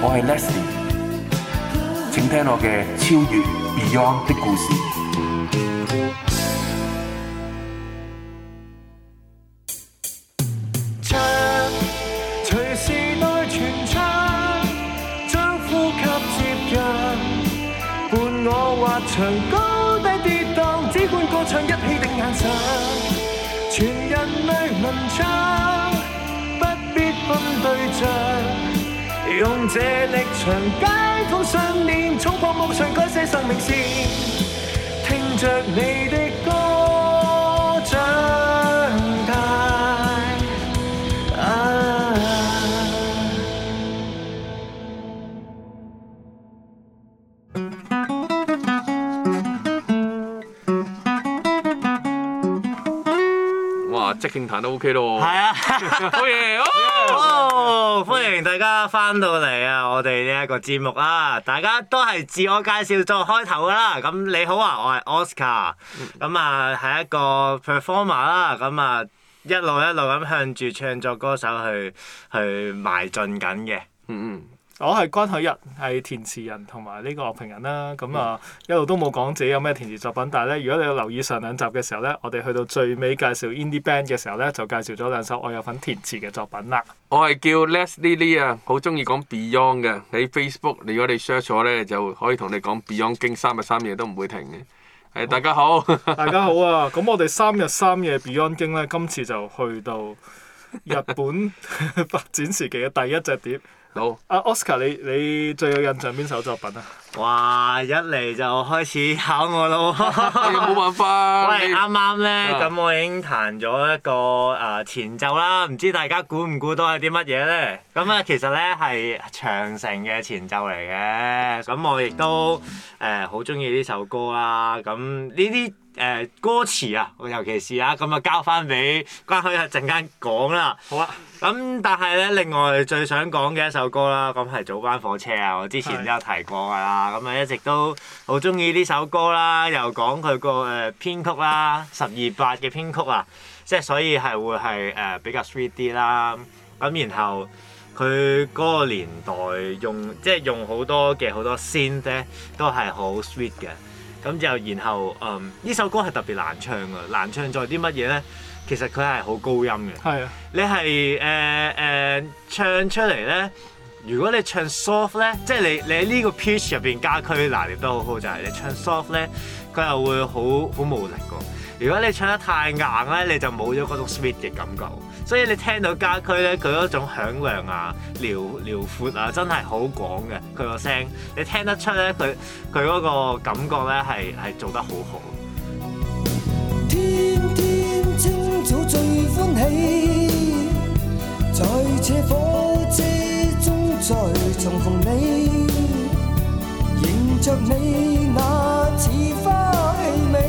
我係 Leslie，請聽我嘅超越 Beyond 的故事。唱，隨時代傳唱，將呼吸接近，伴我滑翔高低跌宕，只管歌唱一起定眼神。用這力場，解封信念，衝破夢想，改寫生命線，聽着你的。傾談都 OK 咯，係是啊，歡迎，哦，歡迎大家翻到嚟啊！我哋呢一個節目啊，大家都係自我介紹作開頭㗎啦。咁你好啊，我係 Oscar，咁啊係一個 performer 啦，咁啊一路一路咁向住唱作歌手去去邁進緊嘅，嗯嗯。我係關海日，係填詞人同埋呢個樂評人啦。咁啊，一路都冇講自己有咩填詞作品，但係咧，如果你留意上兩集嘅時候咧，我哋去到最尾介紹 Indie Band 嘅時候咧，就介紹咗兩首我有份填詞嘅作品啦。我係叫 Les Lily 啊，好中意講 Beyond 嘅喺 Facebook，如果你 search 咗咧，就可以同你講 Beyond 經三日三夜都唔會停嘅。誒、啊、好大家好，大家好啊！咁我哋三日三夜 Beyond 經咧，今次就去到日本 發展時期嘅第一隻碟。好，阿 No. Oscar 你你最有印象邊首作品啊？哇！一嚟就開始考我咯，冇 辦法、啊。 喂，啱啱咧，咁 Yeah. 我已經彈咗一個誒、呃、前奏啦，唔知大家估唔估到係啲乜嘢咧？咁啊，其實咧係《長城》嘅前奏嚟嘅，咁我亦都誒好中意呢首歌啦、啊。咁呢啲。誒、呃、歌詞啊，尤其是啊，咁、嗯、啊交翻俾關軒一陣間講啦。好啊。咁、嗯、但係咧，另外最想講嘅一首歌啦，咁、嗯、係早班火車啊。我之前都有提過㗎啦。咁啊是、嗯、一直都好中意呢首歌啦，又講佢個誒編曲啦，十二八嘅編曲啊，即係所以係會係誒、呃、比較 sweet 啲啦。咁、嗯、然後佢嗰個年代用即係用好多嘅好多 synth 都係好 sweet 嘅。咁就然後，嗯，呢首歌係特別難唱㗎，難唱在啲乜嘢呢？其實佢係好高音嘅。係啊是的，你係誒誒唱出嚟呢，如果你唱 soft 呢，即係你你喺呢個 pitch 入邊加區拿捏得好好，就係、是、你唱 soft 呢，佢又會好好無力㗎。如果你唱得太硬呢，你就冇咗嗰種 sweet 嘅感覺。所以你聽到家驅咧，佢嗰種響亮啊、嘹嘹闊啊，真係好廣嘅佢個聲。你聽得出咧，佢佢嗰個感覺咧係係做得好好。天天清早最歡喜，在這火車中再重逢你。你你迎着你那似花美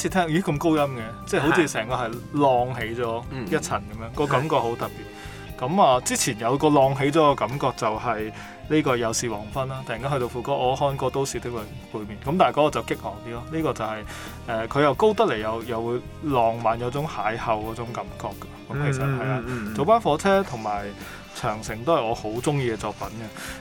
次聽咦咁高音嘅，即係好似成個係浪起咗一層咁樣，個、嗯、感覺好特別。咁啊，之前有個浪起咗嘅感覺就係呢個又是黃昏啦，突然間去到副歌，我看過都市的背背面，咁但係嗰個就激昂啲咯。呢、這個就係、是、誒，佢、呃、又高得嚟，又又會浪漫，有種邂逅嗰種感覺嘅。咁、嗯、其實係啊，早、嗯嗯、班火車同埋。長城都係我好中意嘅作品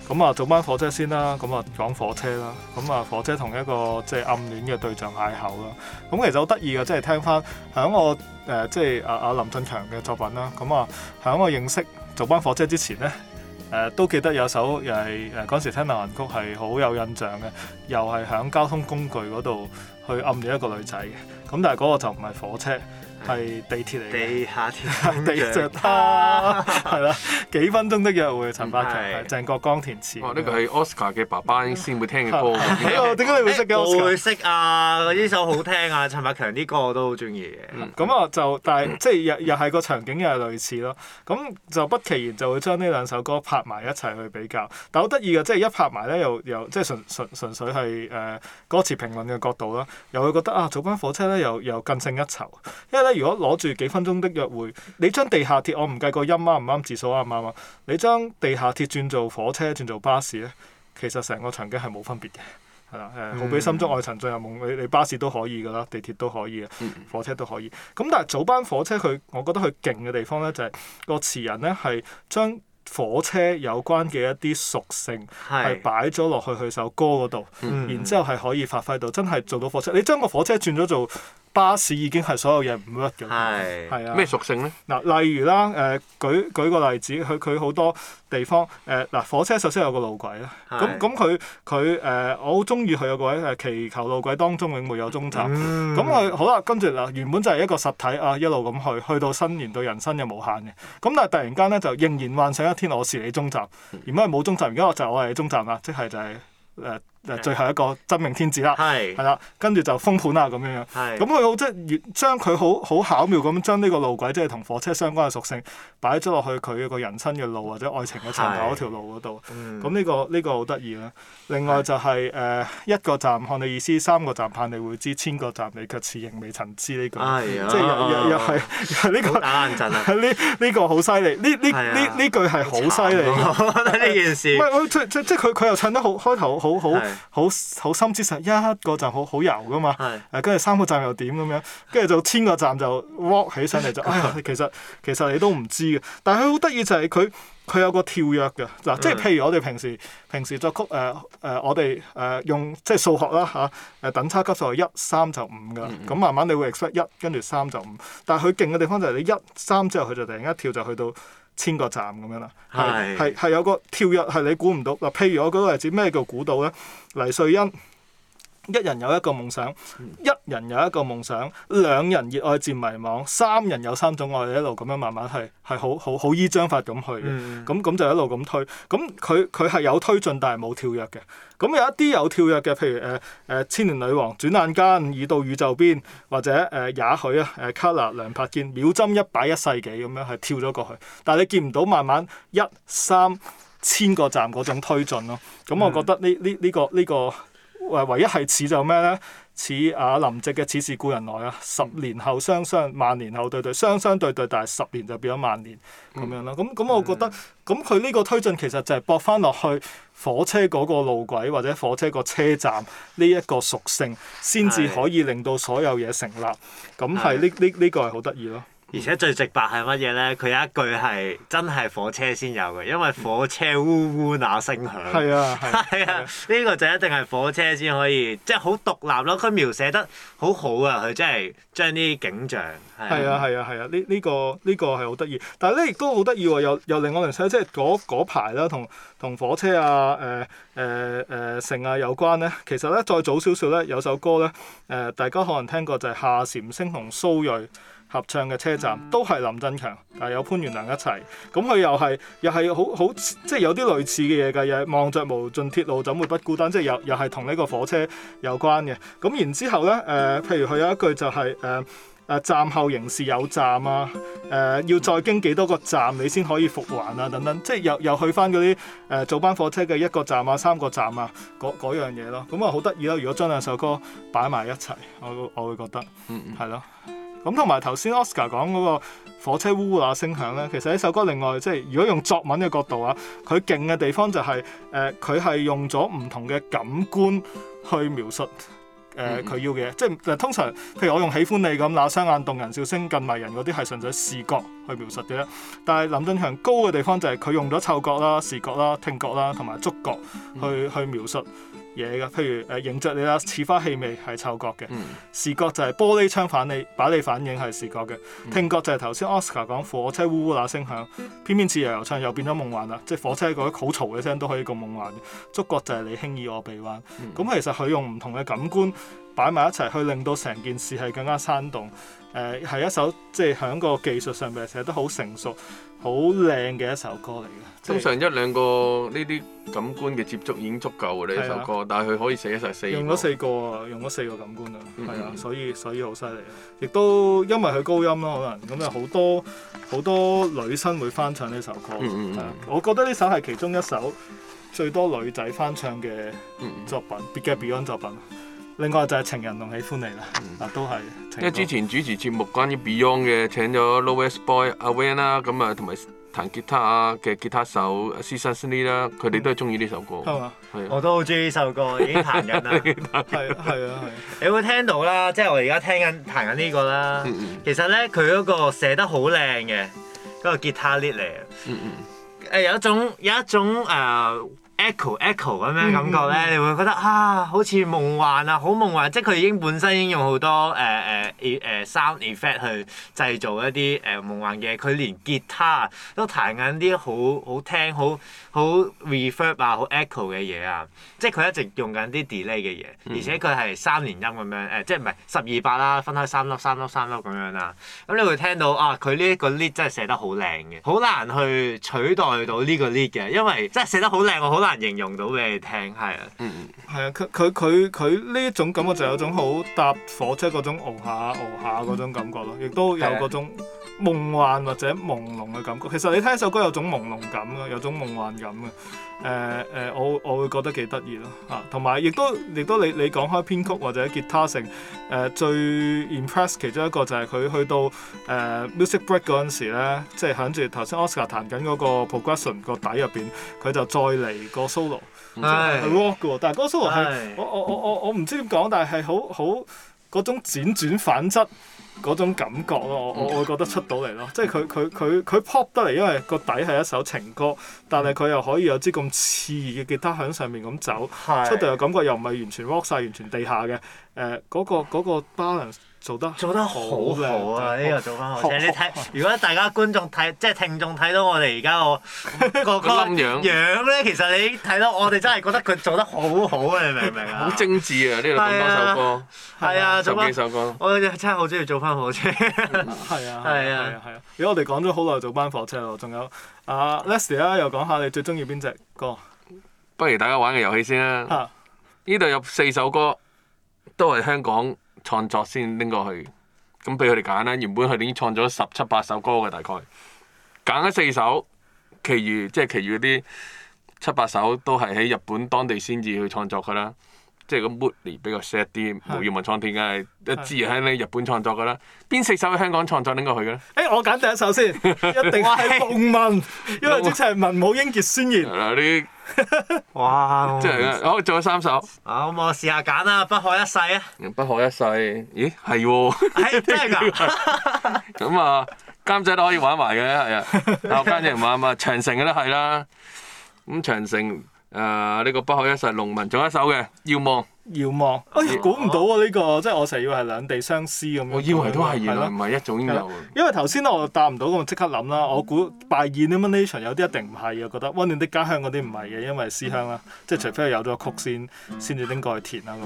嘅，咁啊做班火車先啦，咁啊講火車啦，咁啊火車同一個即係、就是、暗戀嘅對象邂逅啦，咁其實好得意嘅，即、就、係、是、聽翻響我誒即係阿阿林振強嘅作品啦，咁啊響我認識做班火車之前呢，誒、呃、都記得有首又係誒嗰時聽流行曲係好有印象嘅，又係響交通工具嗰度去暗戀一個女仔嘅，咁但係嗰個就唔係火車。係地鐵嚟嘅，地下鐵碰著她，係 啦樂、啊， 幾分鐘的約會，陳百強，鄭不是 國江填詞。哇，呢、這個係 Oscar 嘅爸爸先會聽嘅歌。點解、嗯、樣你會識嘅、哎？我會識 啊，呢首好聽啊，陳百強啲歌我都好中意嘅。咁啊，就但係即係又又係個場景又係類似咯。咁就不其然就會將呢兩首歌拍埋一齊去比較。但好得意嘅，即係一拍埋咧又又，又即係純純，純純純粹係誒歌詞評論嘅角度啦，又會覺得啊，早班火車咧又又更勝一籌，因為即係如果攞住幾分鐘的約會，你將地下鐵，我唔計個音啱唔啱，字數啱唔啱啊！啊你將地下鐵轉做火車，轉做巴士咧，其實成個場景係冇分別嘅，係啦，誒，好比心中愛神進入夢，你你巴士都可以噶啦，地鐵都可以，火車都可以。咁但係早班火車佢，我覺得佢勁嘅地方咧，就係、是、個詞人咧係將火車有關嘅一啲屬性係擺咗落去佢首歌嗰度，是嗯、然之後係可以發揮到真係做到火車。你將個火車轉咗做巴士已經係所有嘢唔屈嘅，係是啊。咩屬性咧？嗱，例如啦，誒、呃，舉舉個例子，佢佢好多地方，誒，嗱，火車首先有個路軌啦，咁咁佢佢誒，我好中意佢有個位，誒祈求路軌當中永沒有終站，咁佢、嗯、好啦，跟住嗱，原本就係一個實體啊，一路咁去，去到新年對人生嘅無限嘅，咁但係突然間咧就仍然幻想一天我是你終站，的原本係冇終站，而家我是中就我係終站啦，即係就係誒。最後一個真命天子啦，係啦是，跟住就封盤啦咁樣樣，咁佢是、就是、好即係將佢好好巧妙咁將呢個路軌即係同火車相關嘅屬性擺咗落去佢個人生嘅路或者愛情嘅長途嗰條路嗰度，咁呢、嗯這個呢、這個好得意啦。另外就係、是、誒是、呃、一個站看你意思，三個站盼你會知，千個站你卻似仍未曾知呢句。即係又又係呢個，呢呢、哎呀這個好犀利、啊，呢呢呢句係好犀利，覺得呢件事。即即即係佢又唱得好開頭好好。好好心思實一個站好好油噶嘛，誒跟住三個站又點咁樣，跟住就千個站就 rock 起上嚟就， 哎呀其實其實你都唔知嘅，但係佢好得意就係佢佢有個跳躍嘅嗱，即、就、係、是、譬如我哋平時平時作曲誒誒、呃呃、我哋誒、呃、用即係數學啦嚇，誒、啊、等差級數係一三就五㗎，咁、嗯嗯、慢慢你會 expect 一跟住三就五，但係佢勁嘅地方就係你一三之後佢就突然一跳就去到。千個站咁樣啦，係係係有個跳躍係你估唔到嗱，譬如我舉個例子，咩叫估到咧？黎瑞恩。一人有一個夢想，一人有一個夢想，兩人熱愛漸迷惘，三人有三種愛，一路咁樣慢慢係係好好好依章法咁去嘅，咁咁、嗯、就一路咁推。咁佢佢係有推進，但係冇跳躍嘅。咁有一啲有跳躍嘅，譬如誒誒、呃、千年女王轉眼間，已到宇宙邊，或者誒、呃、也許啊誒 Kolor 梁柏堅秒針一擺一世紀咁樣係跳咗過去。但係你見唔到慢慢一三千個站嗰種推進咯。咁我覺得呢呢呢個呢個。這個這個這個唯一係似就咩咧？似啊林夕嘅似是故人來啊！十年後雙雙，萬年後對對，雙雙對對，但係十年就變咗萬年咁、嗯、樣啦。咁咁，我覺得咁佢呢個推進其實就係駁翻落去火車嗰個路軌或者火車個車站呢一個屬性，先至可以令到所有嘢成立。咁係呢呢呢個係好得意咯。而且最直白係乜嘢咧？佢有一句係真係火車先有嘅，因為火車烏烏那聲響。係啊係啊！呢、啊啊啊、個就一定係火車先可以，即係好獨立咯。佢描寫得好好啊！佢真係將啲景象。係啊係啊係啊！呢呢、啊啊啊啊啊這個呢、這個係好得意，但係咧亦都好得意喎！又又令我聯想即係嗰嗰排啦，同同火車啊誒誒誒城啊有關咧。其實咧再早少少咧有首歌咧誒、呃，大家可能聽過就係、是、夏韶聲同蘇芮。合唱嘅車站都係林振強，但有潘源良一齊咁，佢又係又係好好即係有啲類似嘅嘢嘅。又望着無盡鐵路怎會不孤單，即係又又係同呢個火車有關嘅。咁然之後呢，誒、呃、譬如佢有一句就係誒誒站後仍是有站啊，誒、呃、要再經幾多個站你先可以復還啊，等等，即係又又去翻嗰啲誒早班火車嘅一個站啊、三個站啊嗰樣嘢咯。咁啊好得意啦！如果將兩首歌擺埋一齊，我我，我會覺得嗯係咯。咁同埋頭先 Oscar 講嗰個火車呼呼下聲響咧，其實呢首歌另外即係如果用作文嘅角度啊，佢勁嘅地方就係誒佢係用咗唔同嘅感官去描述誒佢、呃嗯、要嘅嘢。即係通常譬如我用喜歡你咁那雙眼動人笑聲更迷人嗰啲係純粹視覺去描述嘅，但係林俊祥高嘅地方就係佢用咗嗅覺啦、視覺啦、聽覺啦同埋觸覺去、嗯、去，去描述。嘢噶，譬如誒、呃、影著你啦，似花氣味係嗅覺嘅；視覺、嗯、就係玻璃窗反你，把你反映係視覺嘅；嗯、聽覺就係頭先 Oscar 講火車嗚嗚嗱聲響，偏偏似遊遊唱又變咗夢幻啦，即係火車嗰啲好嘈嘅聲都可以咁夢幻嘅；觸覺就係你輕易我臂彎，咁、嗯、其實佢用唔同嘅感官。擺埋一齊去令到成件事係更加生動，誒、呃、係一首即係喺個技術上面寫得好成熟、好靚嘅一首歌嚟嘅。就是、通常一兩個呢啲感官嘅接觸已經足夠嘅呢首歌，啊、但係佢可以寫一晒四，個用咗四個。用咗四個啊，用咗四個感官嗯嗯啊，所以所以好犀利啊！亦都因為佢高音咯，可能咁就好多好多女生會翻唱呢首歌嗯嗯嗯、啊。我覺得呢首係其中一首最多女仔翻唱嘅作品，b 別嘅 Beyond 作品。另外就係情人同喜歡你啦，嗱、嗯、都係。因為之前主持節目關於 Beyond 嘅請咗 Louis Boy、a、阿 Van 啦，咁啊同埋彈吉他啊。嘅吉他手 Cesar Lee 啦，佢哋、嗯、都係中意呢首歌。係、嗯啊、我都好中意呢首歌，已經彈緊啦。係 啊，係啊。啊啊 你會聽到啦，即、就、係、是、我而家聽緊彈緊呢個啦。 其實咧，佢嗰個寫得好靚嘅嗰個吉他 lead 嚟。嗯嗯。 有一種有一種誒。呃 echo echo 咁樣感覺咧，mm hmm。你會覺得啊，好似夢幻啊，好夢幻、啊！即佢已經本身已經用好多誒誒誒 sound effect 去製造一啲誒夢幻嘅。佢連吉他都彈緊啲好好聽、好好 reverb 啊、好 echo 嘅嘢啊。即佢一直用緊啲 delay 嘅嘢，mm hmm。而且佢係三連音咁樣誒、呃，即係唔係十二八啦，分開三粒、三粒、三粒咁樣啦、啊。咁你會聽到啊，佢呢一個 lead 真係寫得好靚嘅，好難去取代到呢個 lead 嘅，因為真係寫得好靚，好難。難形容到俾你聽，係啊，係啊，佢佢佢佢呢一種感覺就有種好搭火車嗰種熬下熬下嗰種感覺咯，亦都有嗰種夢幻或者朦朧嘅感覺。其實你聽一首歌有種朦朧感啊，有種夢幻感啊。誒誒、呃呃，我我會覺得幾得意咯嚇，同埋亦都亦都你你講開編曲或者吉他性誒、呃，最 impress 其中一個就係佢去到誒、呃、music break 嗰陣時咧，即、就、係、是、響住頭先 Oscar 彈緊嗰個 progression 個底入邊，佢就再嚟個 solo，係是、啊、rock 嘅，但係嗰 solo 係我我我我我唔知點講，但係係好好嗰種輾轉反側。嗰種感覺咯，我我我覺得出到嚟咯， 即係佢佢佢佢 pop 得嚟，因為個底係一首情歌，但係佢又可以有支咁刺耳嘅吉他響上面咁走，是出到嚟嘅感覺又唔係完全 rock 曬，完全地下嘅，誒、呃、嗰、個嗰、個 balance。做得做得好好啊！呢個做翻火車，你睇如果大家觀眾睇，即係聽眾睇到我哋而家個個樣樣咧，其實你睇到我哋真係覺得佢做得好好啊！你明唔明啊？好精緻啊！呢度咁多首歌，係啊，做幾首歌？我真係好中意做翻火車，係啊，係啊，係啊！如果我哋講咗好耐做翻火車咯，仲有啊，Leslie 啦，又講下你最中意邊隻歌？不如大家玩個遊戲先啦！呢度有四首歌，都係香港。創作先拎過去，咁俾佢哋揀啦。原本佢哋已經創作咗十七八首歌嘅大概，揀咗四首，其餘即係其餘啲七八首都係喺日本當地先至去創作㗎啦。即係個 moody 比較 sad 啲，冇語文創啲嘅，一是的 自然喺你日本創作嘅啦。邊四首喺香港創作拎過去嘅咧？誒、欸，我揀第一首先，一定話係《紅軍 哇》，因為即係《文武英傑宣我言》嗱啲。哇！即係好，做咗三首。啊，好，我試下揀啦，《不可一世》啊。《不可一世》？咦，係喎。係 真係㗎。咁 啊，監仔都可以玩埋嘅係啊，阿監仔唔玩嘛，長城嘅啦係啦，咁長城。啊長城誒呢、呃這個不可一世農民，仲有一首嘅《遙望》。遙望，哎，估唔到啊。呢個即係我成日以為係兩地相思咁樣。我以為都係而唔係一種音樂。因為頭先我答唔到咁，我即刻諗啦。我估 by elimination 有啲一定唔係嘅，覺得《溫暖的家鄉》嗰啲唔係嘅，因為思鄉啦，即係除非有咗曲先，先至拎過去填啦咁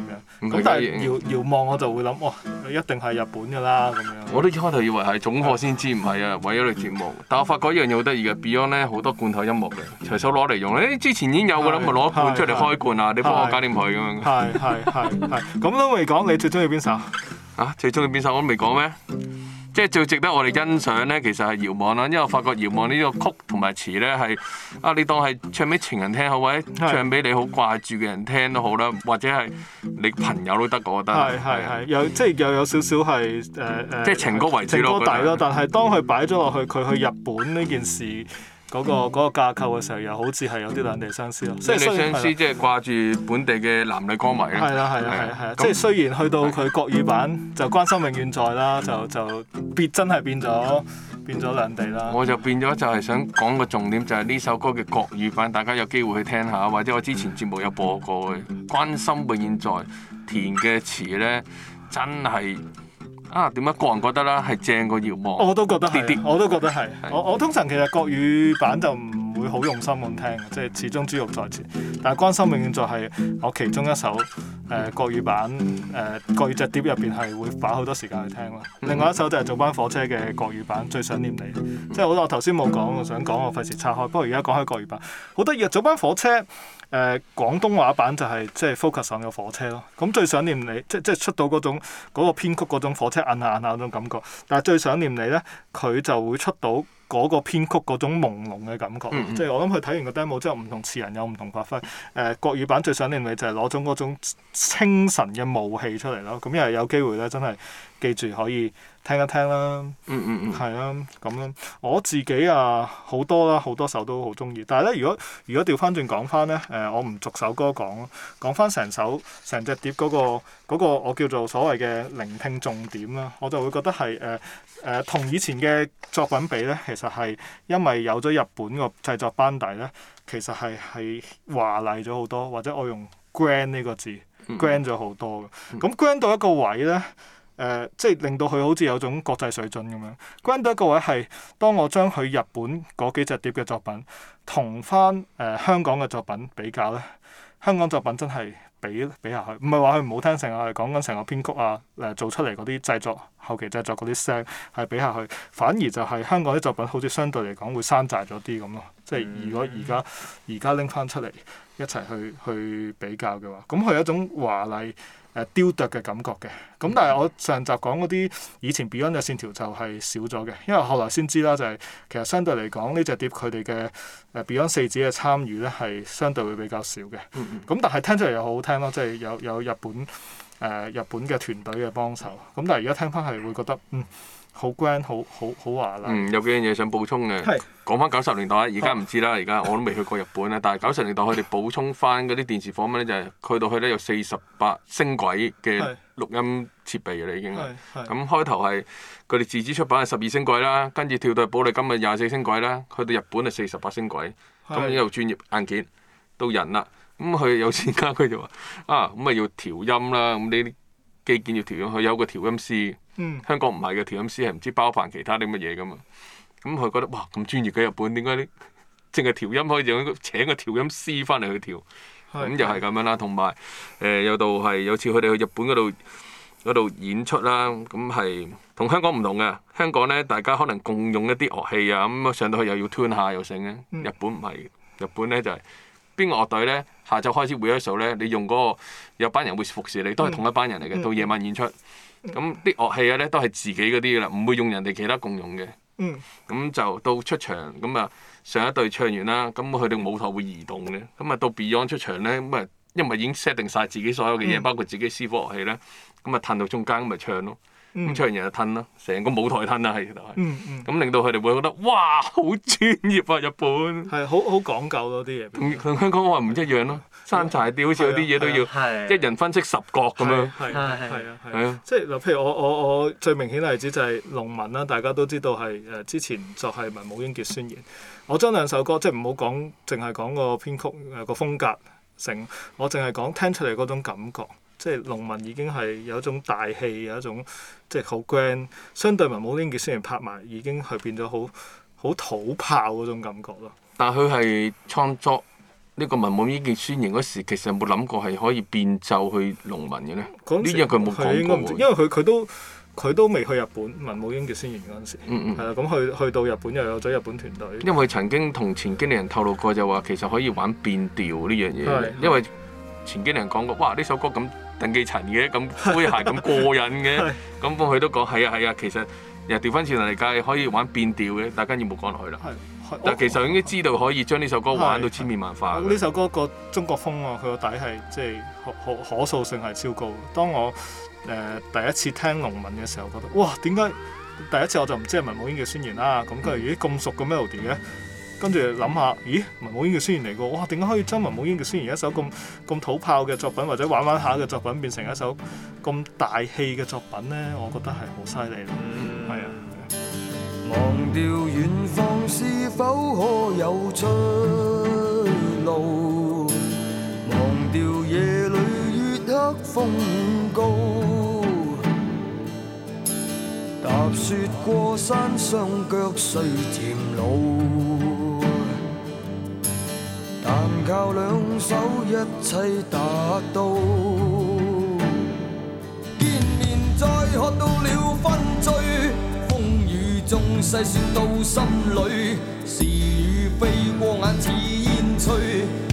樣。咁但係遙遙望我就會諗，哇，一定係日本㗎啦咁樣。我都一開頭以為係總課先知唔係啊，為咗你節目。但我發覺一樣嘢好得意嘅，Beyond 咧好多罐頭音樂嘅，隨手攞嚟用。誒，之前已經有㗎啦，咪攞一罐出嚟開罐啊！你幫我揀點佢咁樣。係係係，咁 都未講，你最中意邊首？啊，最中意邊首我都未講咩？即係最值得我哋欣賞咧，其實係《遙望》啦，因為我發覺《遙望》呢個曲同埋詞咧，係啊，你當係唱俾情人聽，好，是人聽好，或者唱俾你好掛住嘅人聽都好啦，或者係你朋友都得，我覺得。係係係，有，有點點、呃、即係又有少少係誒誒。即係情歌為主咯，情歌底咯的。但係當佢擺咗落去，佢去日本呢件事。嗰個架構嘅時候，又好似係有啲兩地相思咯。即係相思，即係掛住本地嘅男女歌迷咯。係啊係啊係啊！即係雖然去到佢國語版，就關心永遠在啦，就就別真係變咗變咗兩地啦。我就變咗就係想講個重點，就係呢首歌嘅國語版，大家有機會去聽下，或者我之前節目有播過嘅《關心永遠在》填嘅詞咧，真係。啊，點解個人覺得啦，係正過《遙望》。我都覺得係、啊，叮叮我都覺得係、啊。的我我通常其實國語版就唔會好用心咁聽嘅，即係始終豬肉在前。但係關心永遠就係我其中一首。誒、呃、國語版誒、呃、國語隻碟入邊係會花好多時間去聽咯。另外一首就係《早班火車》嘅國語版，最想念你。即係我頭先冇講，我想講我費事拆開。不過而家講開國語版，好得意啊！《早班火車》誒、呃、廣東話版就係、是、即係 focus on 個火車咯。咁最想念你，即係即係出到嗰種嗰、那個編曲嗰種火車韻啊韻啊嗰種感覺。但係最想念你咧，佢就會出到嗰個編曲嗰種朦朧嘅感覺。即係、嗯嗯、我諗佢睇完個 demo 之後，唔同詞人有唔同發揮。誒、呃、國語版最想念你就係攞種嗰種。清晨嘅霧氣出嚟咯，咁又係有機會咧，真係記住可以聽一聽啦。嗯嗯嗯，係啦，咁樣，我自己啊好多啦，好多首都好中意。但係咧，如果如果調翻轉講翻咧，誒、呃，我唔逐首歌講，講翻成首成隻碟嗰個嗰個我叫做所謂嘅聆聽重點啦，我就會覺得係誒誒同以前嘅作品比咧，其實係因為有咗日本個製作班底咧，其實係係華麗咗好多，或者我用 grand 呢個字。grand 咗好多嘅，咁 grand 到一個位咧，誒、呃，即係令到佢好似有種國際水準咁樣。grand 到一個位係，當我將佢日本嗰幾隻碟嘅作品同翻誒、呃、香港嘅作品比較咧，香港作品真係比比下去，唔係話佢唔好聽，成日我哋講緊成個編曲啊，誒、呃、做出嚟嗰啲製作後期製作嗰啲聲係比下去。反而就係香港啲作品好似相對嚟講會山寨咗啲咁咯。即係如果而家而家拎翻出嚟。一齊去去比較嘅話，咁、嗯、佢有一種華麗誒、呃、雕琢嘅感覺嘅。咁、嗯、但係我上集講嗰啲以前 Beyond 嘅線條就係少咗嘅，因為後來先知啦、就是，就係其實相對嚟講呢隻碟佢哋嘅 Beyond 四子嘅參與咧係相對會比較少嘅。咁、嗯嗯嗯、但係聽出嚟又好好聽咯，即、就、係、是、有有日本誒、呃、日本嘅團隊嘅幫手。咁但係而家聽返係會覺得嗯。好 grand，好好好華麗。嗯，有幾樣嘢想補充嘅。係是。講翻九十年代，而家唔知啦。而家是我都未去過日本啦。但係九十年代，佢哋補充翻嗰啲電視訪問咧，就係去到去咧有四十八聲軌嘅錄音設備啦，是已經咁、嗯、開頭係佢哋自資出版係十二聲軌啦，跟住跳到係寶麗金咪廿四聲軌啦。去到日本係四十八聲軌，咁是、嗯、又專業硬件到人啦。咁、嗯、佢有錢家，佢就話啊，咁咪要調音啦。咁呢？基建要調音，佢有個調音師。香港唔係嘅調音師係唔知包含其他啲乜嘢㗎嘛。咁、嗯、佢、嗯、覺得哇咁專業嘅日本，點解啲淨係調音可以用請個調音師翻嚟去調？咁又係咁樣啦。同埋誒有度係、呃、有次佢哋去日本嗰度度演出啦，咁係同香港唔同嘅。香港咧大家可能共用一啲樂器啊，咁、嗯、上到去又要 tune 下又剩嘅。日本唔係，日本咧就係、是。邊個樂隊咧？下晝開始會 rehearsal 咧，你用嗰個有班人會服侍你，都係同一班人嚟嘅。嗯、到夜晚演出，咁、嗯、啲、嗯、樂器咧都係自己嗰啲㗎啦，唔會用人哋其他共用嘅。咁、嗯、就到出場咁啊，上一隊唱完啦，咁佢哋舞台會移動嘅。咁啊到 Beyond 出場咧，咁啊因為已經 set 定晒自己所有嘅嘢，嗯、包括自己私伙樂器咧，咁啊褪到中間咪唱咯。咁唱嘢就吞咯，成個舞台吞啊，其實係。咁令到佢哋會覺得，哇，好專業啊，日本。係好好講究咯，啲嘢。同香港話唔一樣咯，山茶啲好似有啲嘢都要，一人分析十角咁樣。係係係。係啊。即係譬如我我我最明顯例子就係農民啦，大家都知道係誒、之前就係文武英傑宣言。我將兩首歌即係唔好講，淨係講個編曲誒、個風格成我淨係講聽出嚟嗰種感覺。即係農民已經係有一種大氣，有一種即係好 grand。相對文武英傑宣言拍埋，已經係變咗好好土炮嗰種感覺咯。但係佢係創作呢個文武英傑宣言嗰時，其實有冇諗過係可以變奏去農民嘅咧？呢樣佢冇講過，唔知。因為佢佢都佢都未去日本文武英傑宣言嗰陣時，係啦、嗯嗯。咁去去到日本又有咗日本團隊。因為佢曾經同前經理人透露過就，就話其實可以玩變調呢樣嘢。的因為前經理人講過，哇！呢首歌咁。鄧寄塵嘅咁詼諧咁 過癮嘅，咁佢 都講係啊，係啊。其實又調翻轉嚟計，界可以玩變調嘅，大家要冇講落去啦。但其實我已經知道可以將呢首歌玩到千變萬化。呢首歌個中國風喎，佢個底係即係可可可塑性係超高。當我誒、呃、第一次聽《農民》嘅時候，覺得哇，點解第一次我就唔知係文武英嘅宣言啦？咁佢而家咁熟嘅 melody 嘅。跟住諗下，咦，文武英嘅宣言嚟嘅，哇，點解可以將文武英嘅宣言一首咁咁土炮嘅作品或者玩玩下嘅作品變成一首咁大氣嘅作品呢？我覺得係好犀利啦，啊、嗯！忘掉遠方是否可有出路？忘掉夜裏月黑風高，踏雪過山，雙腳雖漸老。但靠兩手一切達到，見面再喝到了分醉，風雨中細説到心裏是與非過眼似煙吹。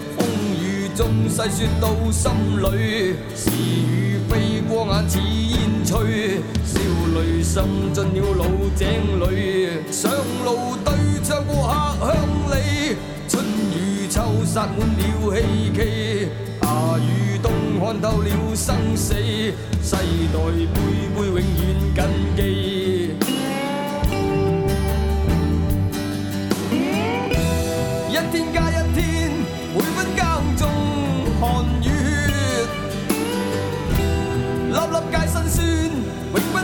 東西説到心裏，是與非，過眼似煙吹，笑淚滲進了老井裏。上路對唱過客鄉里，春與秋撒滿了希冀，夏與冬看透了生死，世代輩輩永遠緊記。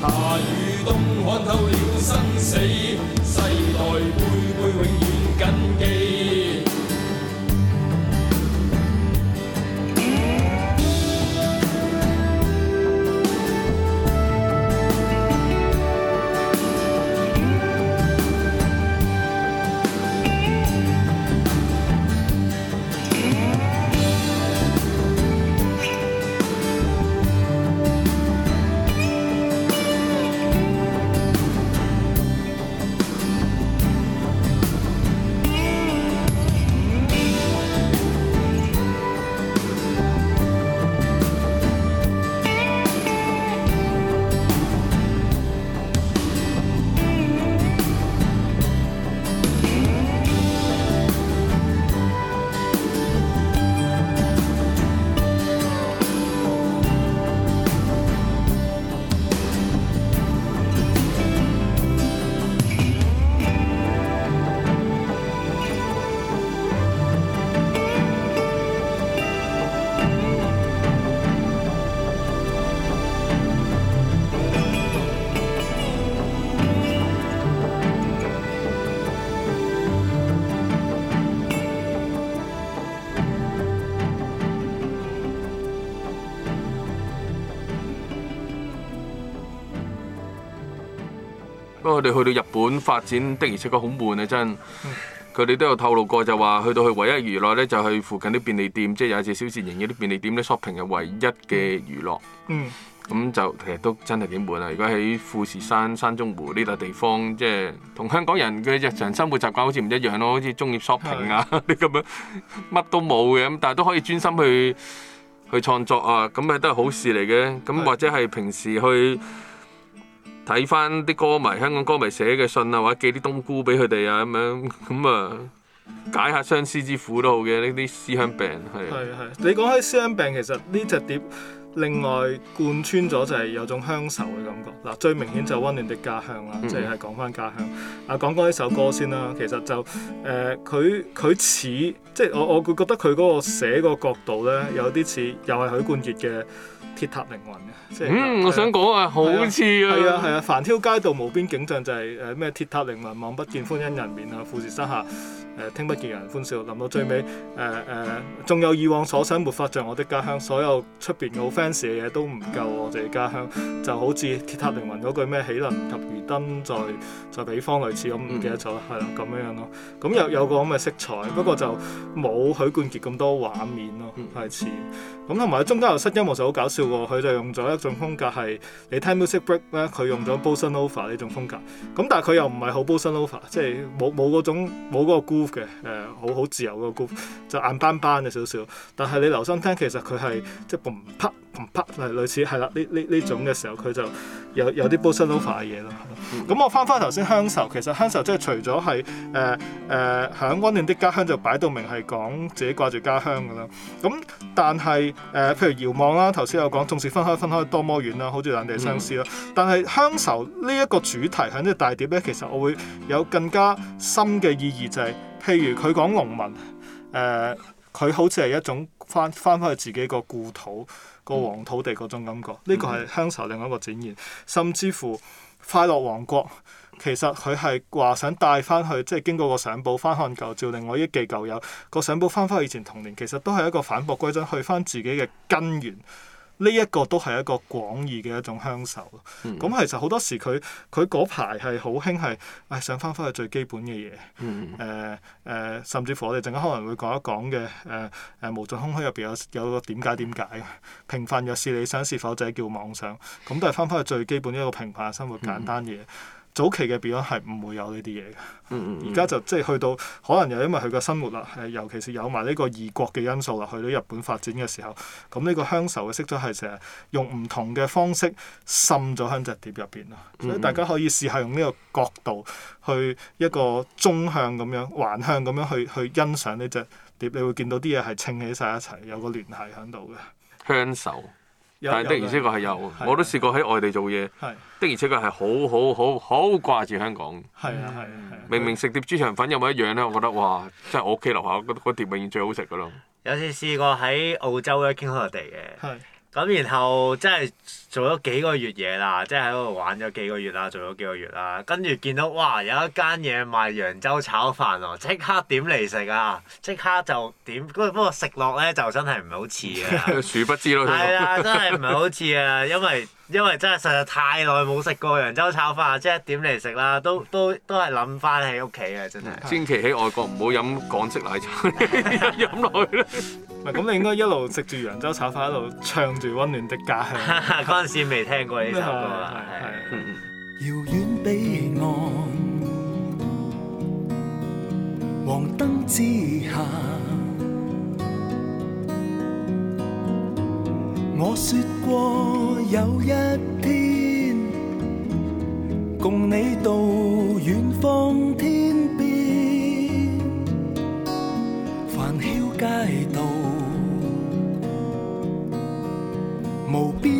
夏與冬，看透了生死。不過佢哋去到日本發展的而且確好悶啊！真，佢哋都有透露過就話，去到去唯一娛樂咧就係附近啲便利店，即係有隻小食型嘅啲便利店咧 shopping 嘅唯一嘅娛樂。嗯。咁就其實都真係幾悶啊！而家喺富士山、山中湖呢笪地方，即係同香港人嘅日常生活習慣好似唔一樣咯，好似中意 shopping 啊啲咁的樣，乜都冇嘅咁，但係都可以專心去去創作啊，咁咪都係好事嚟嘅。咁或者係平時去。的睇翻啲歌迷，香港歌迷寫嘅信啊，或者寄啲冬菇俾佢哋啊，咁樣咁啊解下相思之苦都好嘅，呢啲思鄉病係。係啊係，你講開思鄉病，其實呢隻碟另外貫穿咗就係有種鄉愁嘅感覺。嗱，最明顯就係《温暖的家鄉》啦、嗯，即係講翻家鄉。啊，講講呢首歌先啦，其實就誒佢佢似，即係我我會覺得佢嗰個寫個角度咧，有啲似又係許冠傑嘅。鐵塔凌雲，嘅，即係、嗯啊、我想講啊，好似啊，係啊係啊，啊，繁挑街道無邊景象就係誒咩鐵塔凌雲，望不見歡欣人面啊，富士山下誒、呃、聽不見有人歡笑，臨到最尾誒誒，仲、呃呃、有以往所想沒法像我的家鄉，所有出邊嘅好 fans 嘅嘢都唔夠我哋嘅家鄉，就好似鐵塔凌雲嗰句咩豈能及漁燈在在比方類似咁，唔記得咗係啦咁樣樣咯，咁、嗯、有有個咁嘅色彩，不過就冇許冠傑咁多畫面咯，係、嗯、似咁同埋中間又失音樂，我就好搞笑。佢就用咗一種風格係你聽 music break 咧，佢用咗 bossanova 呢種風格。咁但係佢又唔係好 bossanova 即係冇冇嗰種冇嗰個 groove 嘅，誒好好自由嘅 groove，就硬邦邦嘅少少。但係你留心聽，其實佢係即係 b 啪 b 啪，啪，啪，類似係啦呢呢呢種嘅時候，佢就有有啲 bossa、嗯、nova 嘅嘢咯。咁我翻返頭先鄉愁，其實鄉愁即係除咗係誒誒響溫暖的家鄉就擺到明係講自己掛住家鄉㗎啦。咁但係誒、呃、譬如遙望啦，頭先有。講縱使分開，分開多麼遠啦，好似兩地相思啦。嗯、但係鄉愁呢一個主題喺呢大碟呢，其實我會有更加深嘅意義、就是，就係譬如佢講農民，誒、呃、佢好似係一種翻翻返去自己個故土個黃土地嗰種感覺。呢個係鄉愁另外一個展現，嗯、甚至乎快樂王國其實佢係話想帶翻去，即、就、係、是、經過個相簿翻看舊照，另外憶記舊友個相簿翻返去以前童年，其實都係一個返璞歸真，去翻自己嘅根源。呢一個都係一個廣義嘅一種享受。咁、嗯、其實好多時佢佢嗰排係好興係，誒想翻返去最基本嘅嘢。誒誒、嗯呃呃，甚至乎我哋陣間可能會講一講嘅誒誒無盡空虛入邊有有個點解、點解。平凡若是理想是否者叫妄想？咁都係翻返去最基本一個平凡嘅生活、嗯、簡單嘢。早期嘅 Beyond 係唔會有呢啲嘢嘅，而家、嗯嗯嗯、就即係去到可能又因為佢個生活啦，係尤其是有埋呢個異國嘅因素啦，去到日本發展嘅時候，咁呢個鄉愁嘅色彩係成日用唔同嘅方式滲咗喺隻碟入邊咯。嗯嗯所以大家可以試下用呢個角度去一個中向咁樣、橫向咁樣去去欣賞呢隻碟，你會見到啲嘢係稱起晒一齊，有個聯繫喺度嘅鄉愁。的但的而且確係有，的我都試過喺外地做嘢。的而且確係好好好好掛住香港。明明食碟豬腸粉又咪一樣咧，我覺得哇！真係我屋企樓下嗰嗰碟永遠最好食噶啦。有次試過喺澳洲咧的，working holiday 嘅。係。咁然後真係。做咗幾個月嘢啦，即係喺嗰度玩咗幾個月啦，做咗幾個月啦，跟住見到哇，有一間嘢賣揚州炒飯喎，即刻點嚟食啊！即刻就點，不過不過食落咧就真係唔好似啊！殊 不知係啊，真係唔係好似啊， 因為因為真係實在太耐冇食過揚州炒飯，即係點嚟食啦，都都都係諗翻起屋企啊，真係！千祈喺外國唔好飲港式奶茶，飲落 去啦。唔係咁，你應該一路食住揚州炒飯，一路唱住《溫暖的家 真係未聽過呢首歌遙遠彼岸黃燈之下。我說過有一天天共你到遠方天邊繁囂街道啊！係。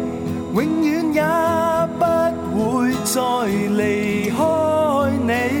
永遠也不會再離開你。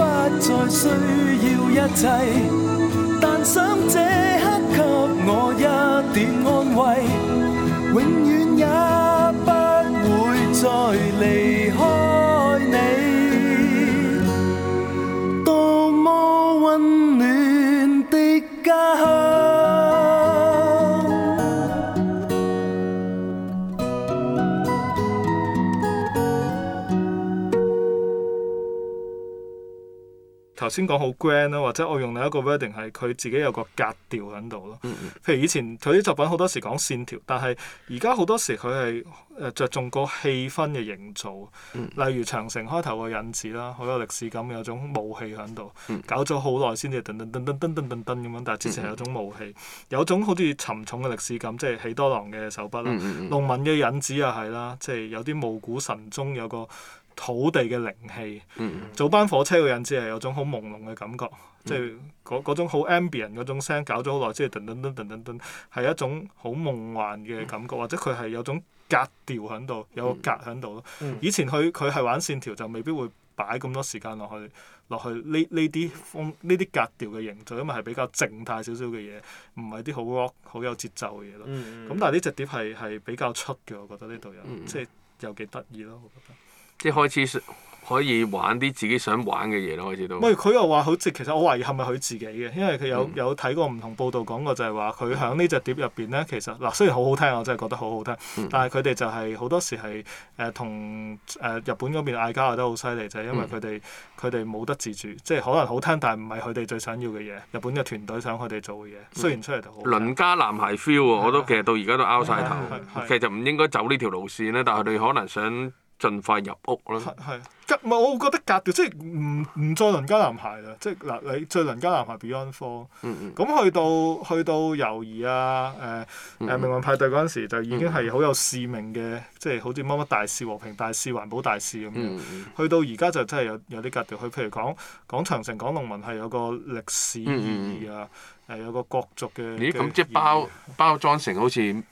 不再需要一切，但想這刻給我一點安慰，永遠也。先講好 grand 咯，或者我用另一個 version 係佢自己有個格調喺度咯。嗯、譬如以前佢啲作品好多時講線條，但係而家好多時佢係誒着重個氣氛嘅營造。嗯、例如長城開頭嘅引子啦，好有歷史感，有種霧氣喺度。搞咗好耐先至噔噔噔噔噔噔噔噔咁樣，但係之前係有種霧氣，有種好似沉重嘅歷史感，即係喜多郎嘅手筆啦。嗯嗯嗯嗯、農民嘅引子又係啦，即、就、係、是、有啲霧古神宗有個。土地嘅靈氣，早班火車嘅印象係有種好朦朧嘅感覺，即係嗰嗰種好 ambient 嗰種聲搞，搞咗好耐即係，噔噔噔噔噔噔，係一種好夢幻嘅感覺，或者佢係有種格調喺度，有個格喺度咯。以前佢佢係玩線條就未必會擺咁多時間落去落去呢呢啲風呢啲格調嘅形狀，就因為係比較靜態少少嘅嘢，唔係啲好 rock 好有節奏嘅嘢咯。咁、嗯、但係呢隻碟係係比較出嘅，我覺得呢度有，即係、嗯、有幾得意咯，我覺得。即係開始可以玩啲自己想玩嘅嘢咯，開始都。唔佢又話好直，其實我懷疑係咪佢自己嘅，因為佢有、嗯、有睇過唔同報道講過就係話佢喺呢隻碟入邊咧，其實嗱、呃、雖然好好聽，我真係覺得好好聽，嗯、但係佢哋就係、是、好多時係誒同誒日本嗰邊嗌交啊，得好犀利，就係、是、因為佢哋佢哋冇得自主，即係可能好聽，但係唔係佢哋最想要嘅嘢。日本嘅團隊想佢哋做嘅嘢，雖然出嚟就好。鄰、嗯、家男孩 feel 喎、哦，我都其實到而家都拗晒頭、嗯嗯嗯嗯嗯嗯嗯，其實就唔應該走呢條路線咧，但係佢哋可能想。盡快入屋啦！係，隔唔係我會覺得格調，即係唔唔再鄰家男孩啦。即係嗱、嗯，你再鄰家男孩 Beyond Four，咁去到去到遊兒啊，誒、呃、誒《命運、嗯、派對》嗰陣時就已經係好有使命嘅，嗯、即係好似乜乜大事、和平大事、環保大事咁樣。嗯嗯、去到而家就真係有有啲格調。佢譬如講講長城、講農民係有個歷史意義啊，誒、嗯嗯嗯嗯、有個國族嘅，咁即係包包裝成好似。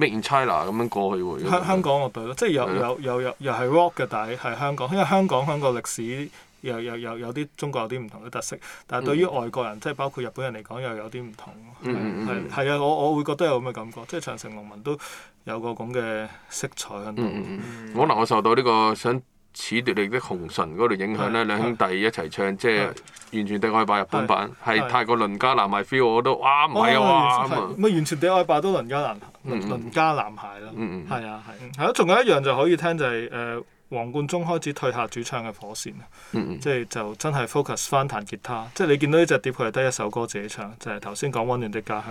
Made in China 咁樣過去喎。香香港樂隊咯，的即係有又又又係 rock 嘅，但係係香港，因為香港香港歷史又又有有啲中國有啲唔同嘅特色，但係對於外國人、嗯、即係包括日本人嚟講又有啲唔同。係係啊，我我會覺得有咁嘅感覺，即係長城農民都有個咁嘅色彩喺度。可能我受到呢個想。此奪你的紅唇嗰度影響咧，兩兄弟一齊唱，即係完全《迪愛霸》日本版，係太過鄰家男孩 feel 我都。哇唔係啊，嘛，咪完全《迪愛霸》都鄰家男鄰鄰家男孩咯，係啊係，係咯，仲有一樣就可以聽就係誒。黃貫中開始退下主唱嘅火線，嗯、即係就真係 focus 翻彈吉他。嗯、即係你見到呢隻碟，佢係得一首歌自己唱，就係頭先講《温暖的家鄉》。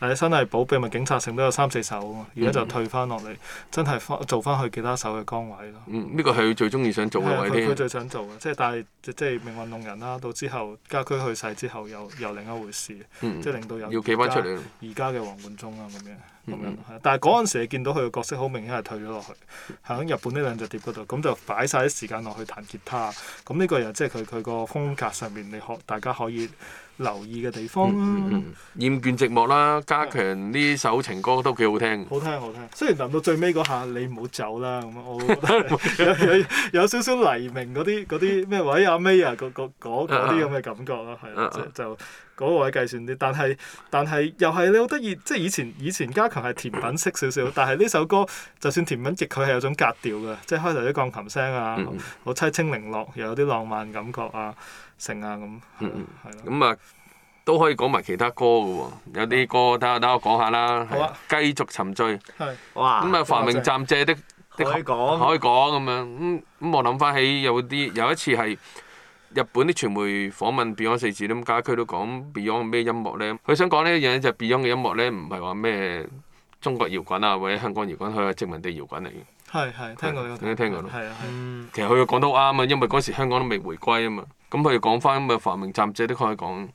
但係真係寶貝秘密警察城都有三四首啊嘛。而家，嗯、就退翻落嚟，嗯、真係做翻去吉他手嘅崗位咯。呢，嗯，這個係佢最中意想做嘅啲。佢最想做嘅，即係但即係命運弄人啦。到之後家駒去世之後又，又又另一回事，嗯、即係令到有而家嘅黃貫中啊咁樣。咁樣，嗯、但係嗰陣時你見到佢個角色好明顯係退咗落去，喺日本呢兩隻碟嗰度，咁就擺晒啲時間落去彈吉他。咁呢個又即係佢佢個風格上面，你可大家可以留意嘅地方啦、嗯嗯嗯。厭倦寂寞啦，加強呢首情歌都幾好聽。好聽，好聽。雖然臨到最尾嗰下，你唔好走啦。咁我覺得有有有少少黎明嗰啲嗰啲咩？喂，阿 May 啊，嗰嗰啲咁嘅感覺咯，係、啊啊、就。啊啊就嗰個位計算啲，但係但係又係你好得意，即係以前以前加強係甜品式少少，但係呢首歌就算甜品，極佢係有種格調嘅，即係開頭啲鋼琴聲啊，嗯嗯好淒清零落又有啲浪漫感覺啊，成啊咁，係咯。咁啊都可以講埋其他歌嘅喎，有啲歌等我等我講下啦。係啊，繼續沉醉。咁啊，嗯嗯、繁榮暫借的的。可以講。可以講咁樣，咁咁我諗翻起有啲，有一次係。日本啲傳媒訪問 Beyond 四子，咁家駒都講 Beyond 咩音樂咧？佢想講咧一樣嘢就 Beyond 嘅音樂咧，唔係話咩中國搖滾啊或者香港搖滾，佢係殖民地搖滾嚟嘅。係係，聽過。聽過聽過咯。係係其實佢講得好啱啊，因為嗰時香港都未回歸啊嘛，咁佢哋講翻咪繁榮暫借都可以講。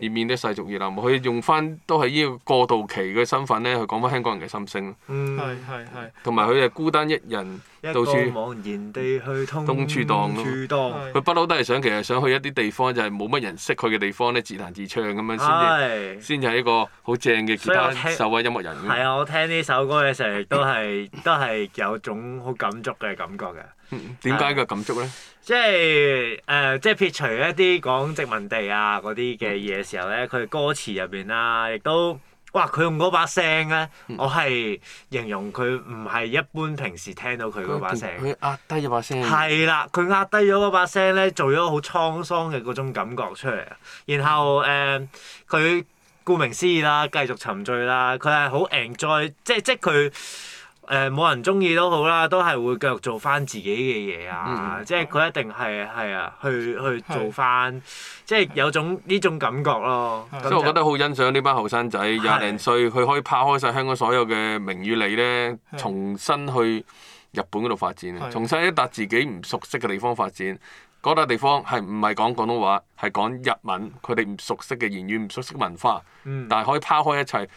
以免啲世俗熱冷佢用翻都係呢個過渡期嘅身份咧，去講翻香港人嘅心聲。嗯，係係係。同埋佢係孤單一人，到處茫然地去通東蕩，佢不嬲都係想，其實想去一啲地方，就係冇乜人識佢嘅地方咧，自彈自唱咁樣先，先係是一個好正嘅吉他手委以聽音樂人。係啊，我聽呢首歌嘅時候，亦都係都係有種好感觸嘅感覺嘅。點解嘅感觸咧？即係誒、呃，即係撇除一啲講殖民地啊嗰啲嘅嘢時候咧，佢歌詞入面啦、啊，亦都哇，佢用嗰把聲咧，嗯、我係形容佢唔係一般平時聽到佢嗰把聲。佢壓低咗把聲。係啦，佢壓低咗嗰把聲咧，做咗好滄桑嘅嗰種感覺出嚟。然後誒，佢、嗯呃、顧名思義啦，繼續沉醉啦，佢係好 enjoy，即即係佢。誒冇人中意都好啦，都係會繼續做翻自己嘅嘢啊！即係佢一定係係啊，去去做翻，即係有種呢種感覺咯。所以我覺得好欣賞呢班後生仔廿零歲，佢可以拋開晒香港所有嘅名與利咧，重新去日本嗰度發展，重新一笪自己唔熟悉嘅地方發展。嗰笪地方係唔係講廣東話，係講日文，佢哋唔熟悉嘅言語，唔熟悉文化，但係可以拋開一切，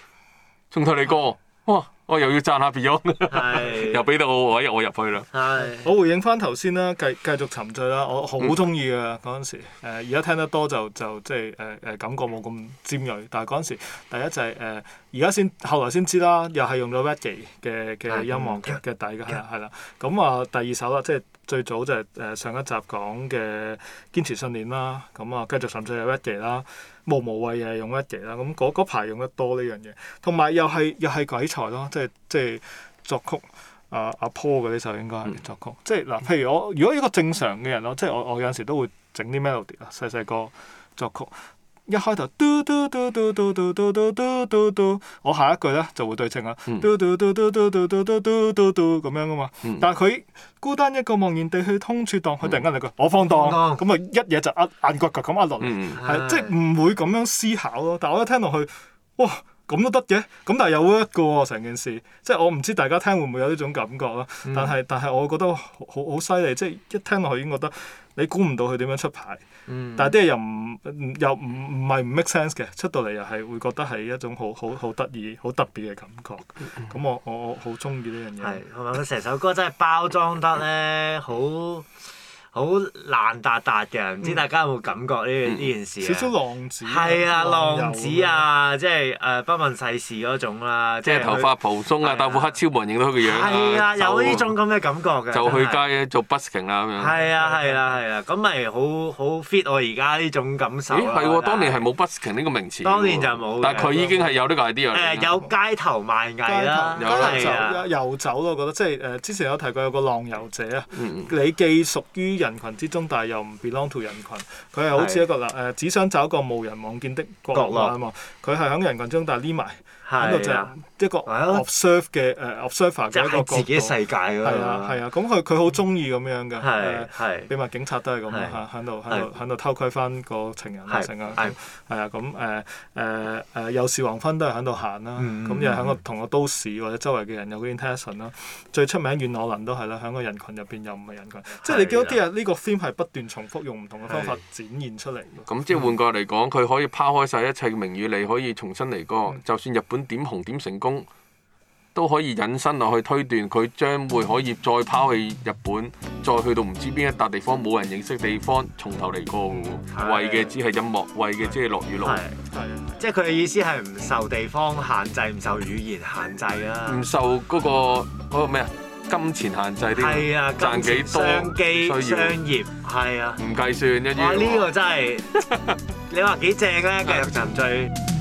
唱出你歌。哇！我又要贊下 Beyond，又俾到我位我入去啦。是我回應翻頭先啦，繼繼續沉醉啦。我好中意啊嗰陣時。誒而家聽得多就，就即係誒誒感覺冇咁尖鋭，但係嗰陣時第一就係誒而家先後來先知啦，又係用咗 Reggae 嘅嘅音樂嘅底，嘅係啦係啦。咁啊第二首啦，即係最早就係誒上一集講嘅堅持信念啦。咁啊繼續沉醉係 Reggae 啦。無無謂又係用乜嘢啦？咁嗰、嗰排用得多呢樣嘢，同埋又係又係鬼才咯，即係即係作曲阿阿 Paul 嗰啲就應該係作曲。啊作曲嗯、即係嗱、呃，譬如我如果一個正常嘅人咯，即係我我有陣時都會整啲 melody 啊，細細個作曲。一開頭嘟嘟嘟嘟嘟嘟嘟嘟嘟嘟，我下一句咧就會對稱啦、啊，嘟嘟嘟嘟嘟嘟嘟嘟嘟嘟咁樣啊嘛。但係佢孤單一個茫然地去通處蕩，佢突然間嚟句我放蕩，咁啊一嘢就壓硬倔倔咁壓落嚟，係即係唔會咁樣思考咯。但係我一聽落去，哇咁都得嘅？咁但係有一個成件事，即係我唔知大家聽會唔會有呢種感覺咯、mm.。但係但係我覺得好好犀利，即係、就是、一聽落去已經覺得你估唔到佢點樣出牌。嗯、但啲嘢又唔又唔唔係唔 make sense 嘅，出到嚟又係會覺得係一種好好好得意、好特別嘅感覺。咁我我我好中意呢樣嘢。同埋佢成首歌真係包裝得咧好。 好爛搭搭嘅，唔知大家有冇感覺呢？呢件事。少少浪子。係啊，浪子啊，即係誒不問世事嗰種啦，即係頭髮蓬鬆啊，戴副黑超冇人認到佢個樣。係啊，有呢種咁嘅感覺㗎。就去街做 busking 啦咁樣。係啊係啊係啊，咁咪好好 fit 我而家呢種感受。咦？係喎，當年係冇 busking 呢個名詞。當年就冇。但佢已經係有呢個 idea。誒，有街頭賣藝啦。遊走咯，我覺得即係誒，之前有提過有個浪遊者啊，你既屬於。人群之中，但係又唔 belong to 人群，佢係好似一個嗱誒是、呃，只想找一個無人望見的角落啊嘛。佢係響人群中，但係匿埋。呢度就一個 observe 嘅誒 observer，一個自己世界㗎嘛，係啊，咁佢佢好中意咁樣嘅誒，秘密警察都係咁啦，喺度喺度喺度偷窺翻個情人啊，成啊，係啊，咁誒誒誒，又是黃昏都係喺度行啦，咁又喺個同個都市或者周圍嘅人有 interaction 啦，最出名遠我鄰都係啦，喺個人群入邊又唔係人群，即係你見到啲嘢，呢個 film 係不斷重複用唔同嘅方法展現出嚟。咁即係換句話嚟講，佢可以拋開曬一切嘅名與利，可以重新嚟過，就算日本。點紅點成功都可以引申落去推斷，佢將會可以再拋去日本，再去到唔知邊一笪地方，冇人認識地方，從頭嚟過嘅的為嘅只係音樂，為嘅即係落雨落雨，即係佢嘅意思係唔受地方限制，唔受語言限制啊，唔受嗰、嗰個嗰個咩啊，金錢限制啲，啊，賺幾多商機商業係啊，唔計算一啲。呢、呢個真係 你話幾正咧，繼續沉醉。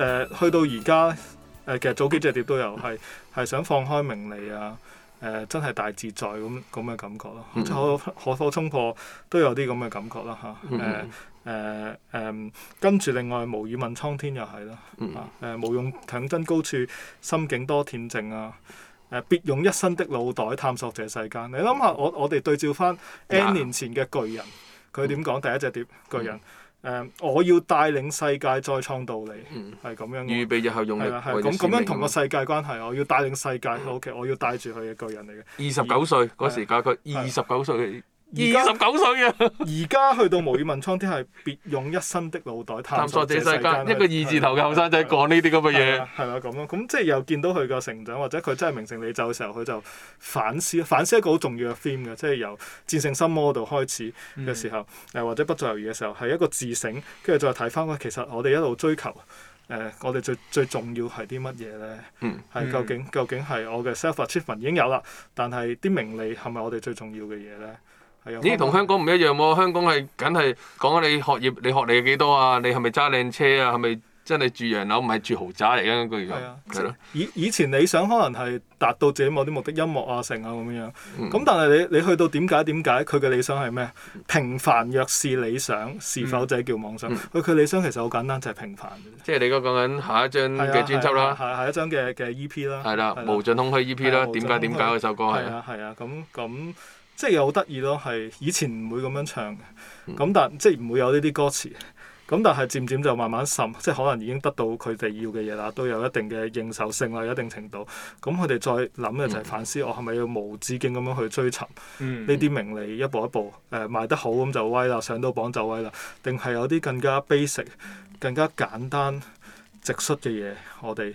誒、呃、去到而家，誒、呃、其實早幾隻碟都有，係係、嗯、想放開名利啊，誒、呃、真係大自在咁咁嘅感覺咯、啊嗯。可可否衝破都有啲咁嘅感覺啦、啊、嚇？誒誒誒，跟住另外無語問蒼天又係咯、啊，誒無用強爭高處，心境多恬靜啊！誒、呃、別用一生的腦袋探索這世界。你諗下，我我哋對照翻 N 年前嘅巨人，佢點講第一隻碟巨人？嗯誒，uh, 我要帶領世界再創道理，係咁、嗯、樣。預備然後用力咁咁、啊啊、樣同個世界關係，我要帶領世界。嗯、O.K.，我要帶住佢一個人嚟嘅。二十九歲嗰時間，佢二十九歲。二十九歲啊！而 家去到無以問蒼天，係別用一身的腦袋探索這世界。世的一個二字頭嘅後生仔講呢啲咁嘅嘢，係啊咁咯。咁即係又見到佢嘅成長，或者佢真係名成利就嘅時候，佢就反思。反思一個好重要嘅 theme 嘅，即係由戰勝心魔度開始嘅時候，誒、嗯、或者不再猶豫嘅時候，係一個自省，跟住再睇翻喂，其實我哋一路追求誒、呃，我哋最最重要係啲乜嘢咧？係、嗯、究竟究竟係我嘅 self achievement 已經有啦，但係啲名利係咪我哋最重要嘅嘢咧？咦，同香港唔一樣喎！香港係梗係講啊，你學業你學歷有幾多啊？你係咪揸靚車啊？係咪真係住洋樓唔係住豪宅嚟嘅嗰種？係啊，係咯。以以前理想可能係達到自己某啲目的，音樂啊，成啊咁樣。咁但係你你去到點解點解佢嘅理想係咩？平凡若是理想，是否就係叫妄想？佢佢理想其實好簡單，就係平凡。即係你而家講緊下一張嘅專輯啦，下一張嘅嘅 EP 啦。係啦，無盡空虛 EP 啦。點解點解嗰首歌係？啊，係啊，咁咁。即係又好得意咯，係以前唔會咁樣唱，咁、嗯、但即係唔會有呢啲歌詞，咁但係漸漸就慢慢滲，即係可能已經得到佢哋要嘅嘢啦，都有一定嘅認受性啦，一定程度，咁佢哋再諗嘅就係、是、反思，我係咪要無止境咁樣去追尋呢啲、嗯、名利，一步一步，誒、呃、賣得好咁就威啦，上到榜就威啦，定係有啲更加 basic、更加簡單直率嘅嘢我哋？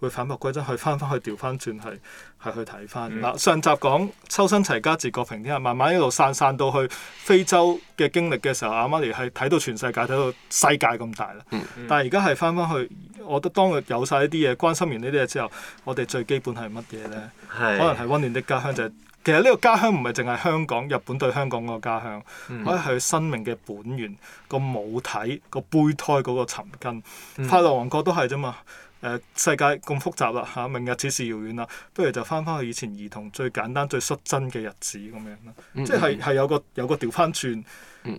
會反駁歸真去去去，去翻翻去調翻轉，係係去睇翻。嗱，上集講修身齊家治國平天下，慢慢一路散散到去非洲嘅經歷嘅時候，阿媽咪係睇到全世界，睇到世界咁大啦。嗯嗯、但係而家係翻翻去，我覺得當佢有晒呢啲嘢，關心完呢啲嘢之後，我哋最基本係乜嘢咧？是可能係溫暖的家鄉，就係、是、其實呢個家鄉唔係淨係香港、日本對香港嗰個家鄉，嗯、可以係佢生命嘅本源、嗰個母體、嗰個胚胎嗰個尋根。泰來王國都係啫嘛。嗯誒世界咁複雜啦嚇，明日只是遙遠啦，不如就翻翻去以前兒童最簡單最率真嘅日子咁樣啦，嗯嗯嗯即係係有個有個調翻轉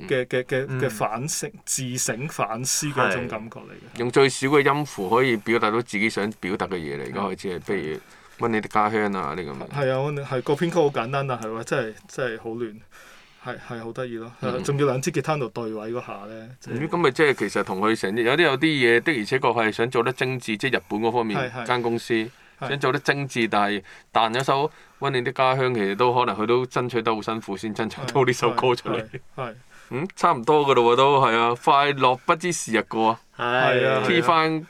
嘅嘅嘅嘅反省、自省、反思嗰種感覺嚟嘅。用最少嘅音符可以表達到自己想表達嘅嘢嚟，而家開始係，譬如問你的家鄉啊呢個問題。係啊，係個編曲好簡單，但係哇，真係真係好亂。係係好得意咯，仲要兩支吉他度對位嗰下咧。咁咪即係其實同佢成日有啲有啲嘢的而且確係想做得精緻，即係日本嗰方面間公司想做得精緻，但係彈一首《溫暖的家鄉》其實都可能佢都爭取得好辛苦先爭取到呢首歌出嚟。嗯，差唔多噶嘞喎，都係啊！快樂不知時日過，聽翻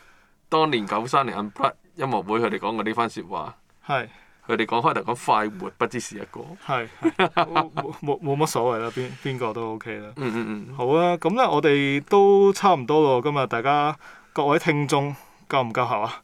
當年九三年 Beyond 音樂會佢哋講過呢番說話。係。佢哋講開頭講快活，不知是一個，係冇冇冇冇乜所謂啦，邊邊個都 O K 啦。嗯嗯嗯。好啊，咁咧我哋都差唔多咯，今日大家各位聽眾夠唔夠喉啊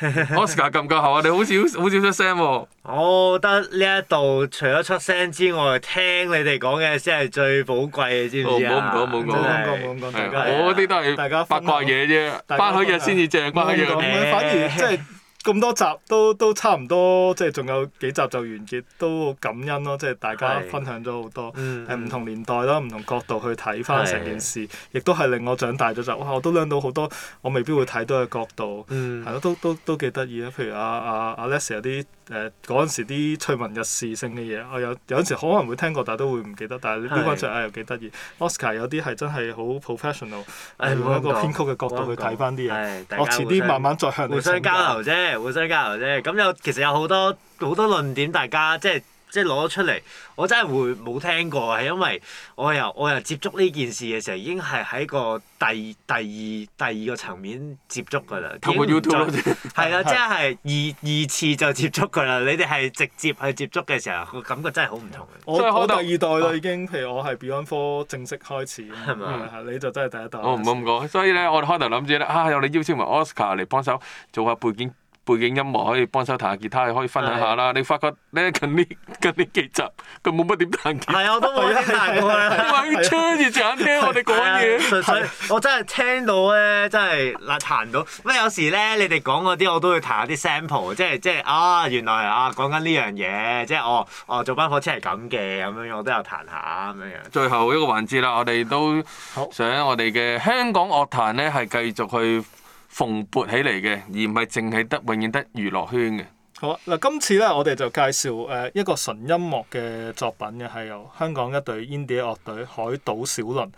？Oscar 夠唔夠喉啊？你好少好少出聲喎。我覺得呢一度除咗出聲之外，聽你哋講嘅先係最寶貴嘅，知唔知啊？唔好唔好唔好唔好。我嗰啲都係大家八卦嘢啫，翻開嘅先至正翻開嘅。反而即係。咁多集都都差唔多，即係仲有幾集就完結，都好感恩咯，即係大家分享咗好多，係唔、嗯、同年代啦，唔同角度去睇翻成件事，的亦都係令我長大咗就哇，我都諗到好多我未必會睇到嘅角度，係咯、嗯，都都都幾得意啊！譬如阿阿阿 Les 有啲誒嗰陣時啲趣聞逸事性嘅嘢，我、啊、有，有有陣時可能會聽過，但係都會唔記得，但係拎翻出嚟又幾得意。Oscar 有啲係真係好 professional，哎、用一個編曲嘅角度去睇翻啲嘢。我遲啲慢慢再向你請交流啫。互相交流啫，咁有其實有好多好多論點，大家即係即係攞咗出嚟，我真係會冇聽過嘅，係因為我又我係接觸呢件事嘅時候，已經係喺個第二第二第二個層面接觸㗎啦。透過 YouTube 先係啊， 即係二二次就接觸㗎啦。你哋係直接去接觸嘅時候，個感覺真係好唔同。我真係好第二代啦，已經。啊、譬如我係 Beyond 四正式開始，係嘛吧？嗯、你就真係第一代。唔好唔好咁講，所以咧，我可能諗住咧，啊，我哋邀請埋 Oscar 嚟幫手做下背景。背景音樂可以幫手彈下吉他，你可以分享下啦。你發覺咧近呢近呢幾集佢冇乜點彈。係啊，我都冇點彈過啊。因為聽住長聽我哋講嘢。我真係聽到咧，真係彈到乜有時咧，你哋講嗰啲我都會彈下啲 sample，即係即係啊原來啊講緊呢樣嘢，即係哦哦做班火車係咁嘅咁樣，我都有彈下咁樣。最後一個環節啦，我哋都想我哋嘅香港樂壇咧係繼續去。蓬勃起嚟嘅，而唔係淨係得永遠得娛樂圈嘅。好啊，嗱，今次咧，我哋就介紹誒、呃、一個純音樂嘅作品嘅，係由香港一隊 Indie 樂隊海島小輪誒、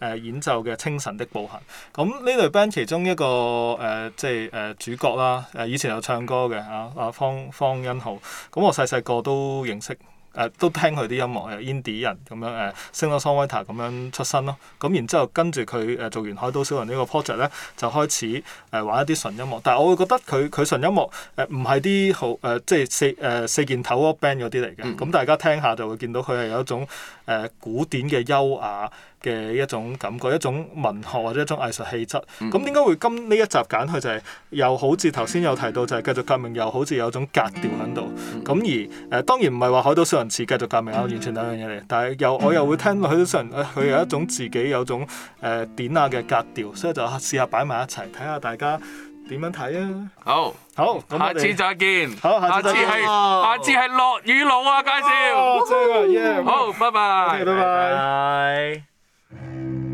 呃、演奏嘅《清晨的步行》。咁呢隊 band 其中一個誒、呃、即係誒、呃、主角啦，誒、呃、以前有唱歌嘅啊啊方方恩豪。咁、啊、我細細個都認識。誒、呃、都聽佢啲音樂，誒 indie 人咁樣誒，singer-songwriter 咁樣出身咯。咁然之後跟住佢誒做完海島小人、這個、ject，呢個 project 咧，就開始誒、呃、玩一啲純音樂。但係我會覺得佢佢純音樂誒唔係啲好誒、呃，即係四誒、呃、四件頭嗰 band 嗰啲嚟嘅。咁、嗯、大家聽下就會見到佢係有一種。誒、呃、古典嘅優雅嘅一種感覺，一種文學或者一種藝術氣質。咁點解會今呢一集揀佢？就係又好似頭先有提到就有，就係、嗯呃、繼續革命，又好似有種格調喺度。咁而誒當然唔係話海島雙人詞繼續革命啊，完全兩樣嘢嚟。但係又我又會聽到海島雙人，佢有一種自己有種誒、呃、典雅嘅格調，所以就試下擺埋一齊，睇下大家點樣睇啊？好好，好，下次再見。好，下次係、哦、下次係落雨路啊！介紹。好，拜拜 bye。拜拜、okay。Bye bye。